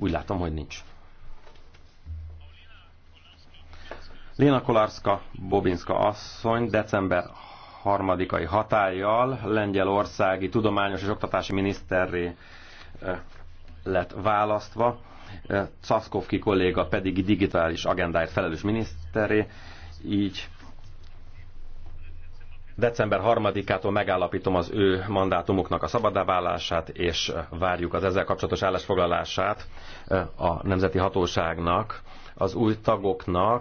Úgy látom, hogy nincs. Léna Kolarska, Bobinska asszony december harmadikai hatállyal lengyelországi tudományos és oktatási miniszterré eh, lett választva, eh, Czaszkovki kolléga pedig digitális agendáért felelős miniszterré, így December 3-ától megállapítom az ő mandátumuknak a szabadáválását, és várjuk az ezzel kapcsolatos állásfoglalását eh, a Nemzeti Hatóságnak, az új tagoknak,